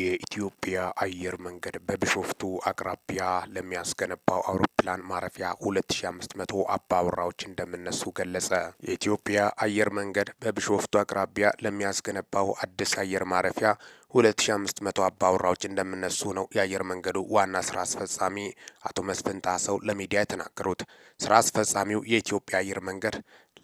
የኢትዮጵያ አየር መንገድ በቢሾፍቱ አቅራቢያ ለሚያስገነባው አውሮፕላን ማረፊያ 2500 አባወራዎች እንደሚነሱ ገለጸ። የኢትዮጵያ አየር መንገድ በቢሾፍቱ አቅራቢያ ለሚያስገነባው አዲስ አየር ማረፊያ 2500 አባወራዎች እንደሚነሱ ነው የአየር መንገዱ ዋና ስራ አስፈጻሚ አቶ መስፍን ጣሰው ለሚዲያ የተናገሩት። ስራ አስፈጻሚው የኢትዮጵያ አየር መንገድ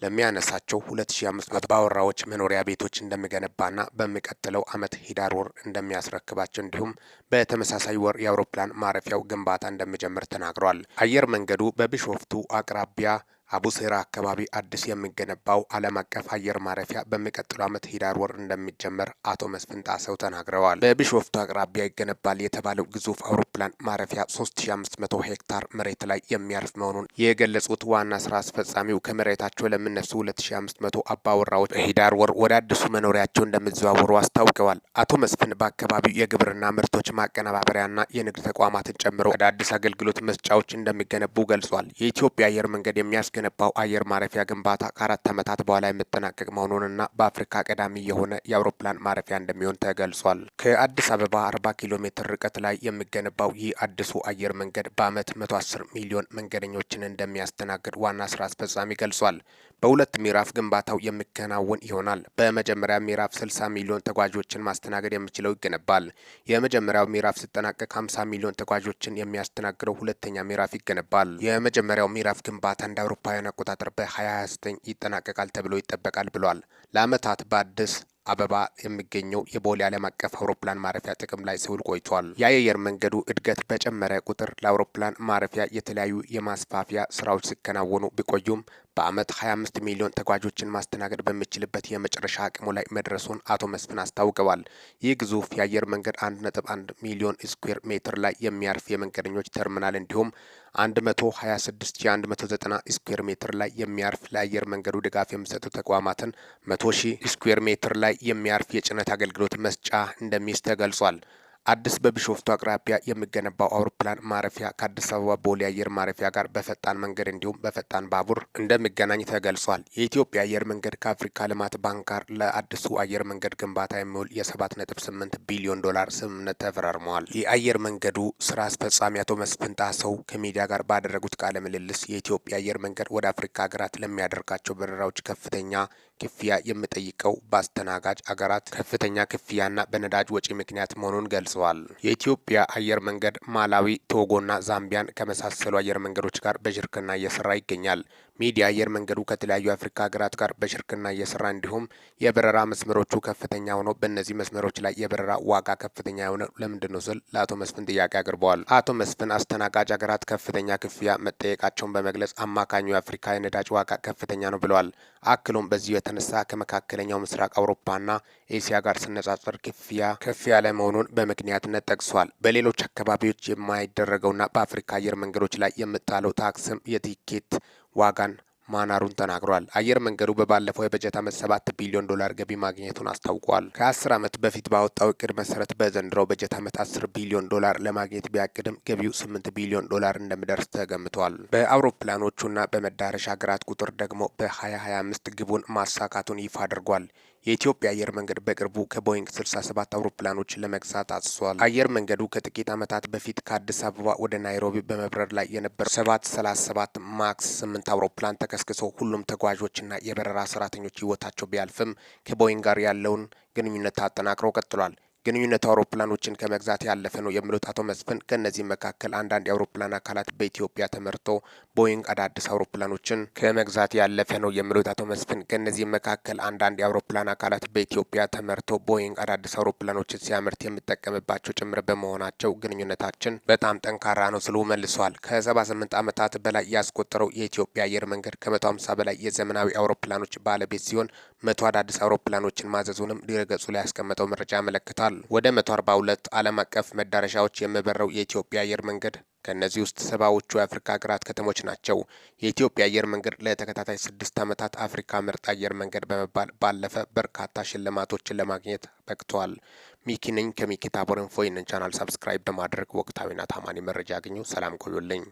ለሚያነሳቸው 2500 ባወራዎች መኖሪያ ቤቶች እንደሚገነባና በሚቀጥለው ዓመት ሂዳር ወር እንደሚያስረክባቸው እንዲሁም በተመሳሳይ ወር የአውሮፕላን ማረፊያው ግንባታ እንደሚጀምር ተናግሯል። አየር መንገዱ በቢሾፍቱ አቅራቢያ አቡሴራ አካባቢ አዲስ የሚገነባው ዓለም አቀፍ አየር ማረፊያ በሚቀጥሉ ዓመት ሂዳር ወር እንደሚጀመር አቶ መስፍን ጣሰው ተናግረዋል። በቢሾፍቱ አቅራቢያ ይገነባል የተባለው ግዙፍ አውሮፕላን ማረፊያ 3500 ሄክታር መሬት ላይ የሚያርፍ መሆኑን የገለጹት ዋና ስራ አስፈጻሚው ከመሬታቸው ለሚነሱ 2500 አባወራዎች በሂዳር ወር ወደ አዲሱ መኖሪያቸው እንደሚዘዋወሩ አስታውቀዋል። አቶ መስፍን በአካባቢው የግብርና ምርቶች ማቀነባበሪያና የንግድ ተቋማትን ጨምሮ ወደ አዲስ አገልግሎት መስጫዎች እንደሚገነቡ ገልጿል። የኢትዮጵያ አየር መንገድ የሚያስ የሚገነባው አየር ማረፊያ ግንባታ ከአራት ዓመታት በኋላ የሚጠናቀቅ መሆኑንና በአፍሪካ ቀዳሚ የሆነ የአውሮፕላን ማረፊያ እንደሚሆን ተገልጿል። ከአዲስ አበባ 40 ኪሎ ሜትር ርቀት ላይ የሚገነባው ይህ አዲሱ አየር መንገድ በዓመት 110 ሚሊዮን መንገደኞችን እንደሚያስተናግድ ዋና ስራ አስፈጻሚ ገልጿል። በሁለት ምዕራፍ ግንባታው የሚከናወን ይሆናል። በመጀመሪያ ምዕራፍ 60 ሚሊዮን ተጓዦችን ማስተናገድ የሚችለው ይገነባል። የመጀመሪያው ምዕራፍ ሲጠናቀቅ 50 ሚሊዮን ተጓዦችን የሚያስተናግደው ሁለተኛ ምዕራፍ ይገነባል። የመጀመሪያው ምዕራፍ ግንባታ እንደ አውሮፓውያን አቆጣጠር በ2029 ይጠናቀቃል ተብሎ ይጠበቃል ብሏል። ለአመታት በአዲስ አበባ የሚገኘው የቦሌ ዓለም አቀፍ አውሮፕላን ማረፊያ ጥቅም ላይ ሲውል ቆይቷል። የአየር መንገዱ እድገት በጨመረ ቁጥር ለአውሮፕላን ማረፊያ የተለያዩ የማስፋፊያ ስራዎች ሲከናወኑ ቢቆዩም በአመት 25 ሚሊዮን ተጓዦችን ማስተናገድ በሚችልበት የመጨረሻ አቅሙ ላይ መድረሱን አቶ መስፍን አስታውቀዋል። ይህ ግዙፍ የአየር መንገድ 1.1 ሚሊዮን ስኩዌር ሜትር ላይ የሚያርፍ የመንገደኞች ተርሚናል እንዲሁም 126190 ስኩዌር ሜትር ላይ የሚያርፍ ለአየር መንገዱ ድጋፍ የሚሰጡ ተቋማትን 100 ሺህ ስኩዌር ሜትር ላይ የሚያርፍ የጭነት አገልግሎት መስጫ እንደሚስ ተገልጿል። አዲስ በቢሾፍቱ አቅራቢያ የሚገነባው አውሮፕላን ማረፊያ ከአዲስ አበባ ቦሌ አየር ማረፊያ ጋር በፈጣን መንገድ እንዲሁም በፈጣን ባቡር እንደሚገናኝ ተገልጿል። የኢትዮጵያ አየር መንገድ ከአፍሪካ ልማት ባንክ ጋር ለአዲሱ አየር መንገድ ግንባታ የሚውል የ7.8 ቢሊዮን ዶላር ስምምነት ተፈራርመዋል። የአየር መንገዱ ስራ አስፈጻሚ አቶ መስፍን ጣሰው ከሚዲያ ጋር ባደረጉት ቃለ ምልልስ የኢትዮጵያ አየር መንገድ ወደ አፍሪካ ሀገራት ለሚያደርጋቸው በረራዎች ከፍተኛ ክፍያ የሚጠይቀው በአስተናጋጅ አገራት ከፍተኛ ክፍያና በነዳጅ ወጪ ምክንያት መሆኑን ገልጸዋል። የኢትዮጵያ አየር መንገድ ማላዊ፣ ቶጎና ዛምቢያን ከመሳሰሉ አየር መንገዶች ጋር በሽርክና እየሰራ ይገኛል። ሚዲያ አየር መንገዱ ከተለያዩ የአፍሪካ ሀገራት ጋር በሽርክና እየሰራ እንዲሁም የበረራ መስመሮቹ ከፍተኛ ሆኖ በእነዚህ መስመሮች ላይ የበረራ ዋጋ ከፍተኛ የሆነ ለምንድን ነው ስል ለአቶ መስፍን ጥያቄ አቅርበዋል። አቶ መስፍን አስተናጋጅ ሀገራት ከፍተኛ ክፍያ መጠየቃቸውን በመግለጽ አማካኙ የአፍሪካ የነዳጅ ዋጋ ከፍተኛ ነው ብለዋል። አክሎም በዚህ የተነሳ ከመካከለኛው ምስራቅ አውሮፓና ኤሲያ ጋር ሲነጻጸር ክፍያ ከፍ ያለ መሆኑን በምክንያትነት ጠቅሷል። በሌሎች አካባቢዎች የማይደረገውና በአፍሪካ አየር መንገዶች ላይ የምጣለው ታክስም የቲኬት ዋጋን ማናሩን ተናግሯል። አየር መንገዱ በባለፈው የበጀት ዓመት ሰባት ቢሊዮን ዶላር ገቢ ማግኘቱን አስታውቋል። ከአስር ዓመት በፊት ባወጣው እቅድ መሰረት በዘንድሮው በጀት ዓመት አስር ቢሊዮን ዶላር ለማግኘት ቢያቅድም ገቢው ስምንት ቢሊዮን ዶላር እንደሚደርስ ተገምቷል። በአውሮፕላኖቹና በመዳረሻ ሀገራት ቁጥር ደግሞ በ2025 ግቡን ማሳካቱን ይፋ አድርጓል። የኢትዮጵያ አየር መንገድ በቅርቡ ከቦይንግ 67 አውሮፕላኖች ለመግዛት አጽሷል። አየር መንገዱ ከጥቂት ዓመታት በፊት ከአዲስ አበባ ወደ ናይሮቢ በመብረር ላይ የነበረው 737 ማክስ 8 አውሮፕላን ተከስክሶ ሁሉም ተጓዦችና የበረራ ሰራተኞች ሕይወታቸው ቢያልፍም ከቦይንግ ጋር ያለውን ግንኙነት አጠናክሮ ቀጥሏል። ግንኙነቱ አውሮፕላኖችን ከመግዛት ያለፈ ነው የሚሉት አቶ መስፍን ከእነዚህም መካከል አንዳንድ የአውሮፕላን አካላት በኢትዮጵያ ተመርቶ ቦይንግ አዳዲስ አውሮፕላኖችን ከመግዛት ያለፈ ነው የሚሉት አቶ መስፍን ከእነዚህም መካከል አንዳንድ የአውሮፕላን አካላት በኢትዮጵያ ተመርቶ ቦይንግ አዳዲስ አውሮፕላኖችን ሲያመርት የምጠቀምባቸው ጭምር በመሆናቸው ግንኙነታችን በጣም ጠንካራ ነው ስሉ መልሷል። ከ78 ዓመታት በላይ ያስቆጠረው የኢትዮጵያ አየር መንገድ ከ150 በላይ የዘመናዊ አውሮፕላኖች ባለቤት ሲሆን መቶ አዳዲስ አውሮፕላኖችን ማዘዙንም ድረገጹ ላይ ያስቀመጠው መረጃ ያመለክታል። ተገልጿል። ወደ 142 ዓለም አቀፍ መዳረሻዎች የሚበረው የኢትዮጵያ አየር መንገድ ከእነዚህ ውስጥ ሰባዎቹ የአፍሪካ ሀገራት ከተሞች ናቸው። የኢትዮጵያ አየር መንገድ ለተከታታይ ስድስት ዓመታት አፍሪካ ምርጥ አየር መንገድ በመባል ባለፈ በርካታ ሽልማቶችን ለማግኘት በቅተዋል። ሚኪ ነኝ ከሚኪ ታቦር ኢንፎ። ይህንን ቻናል ሰብስክራይብ በማድረግ ወቅታዊና ታማኒ መረጃ ያገኙ። ሰላም ቆዩልኝ።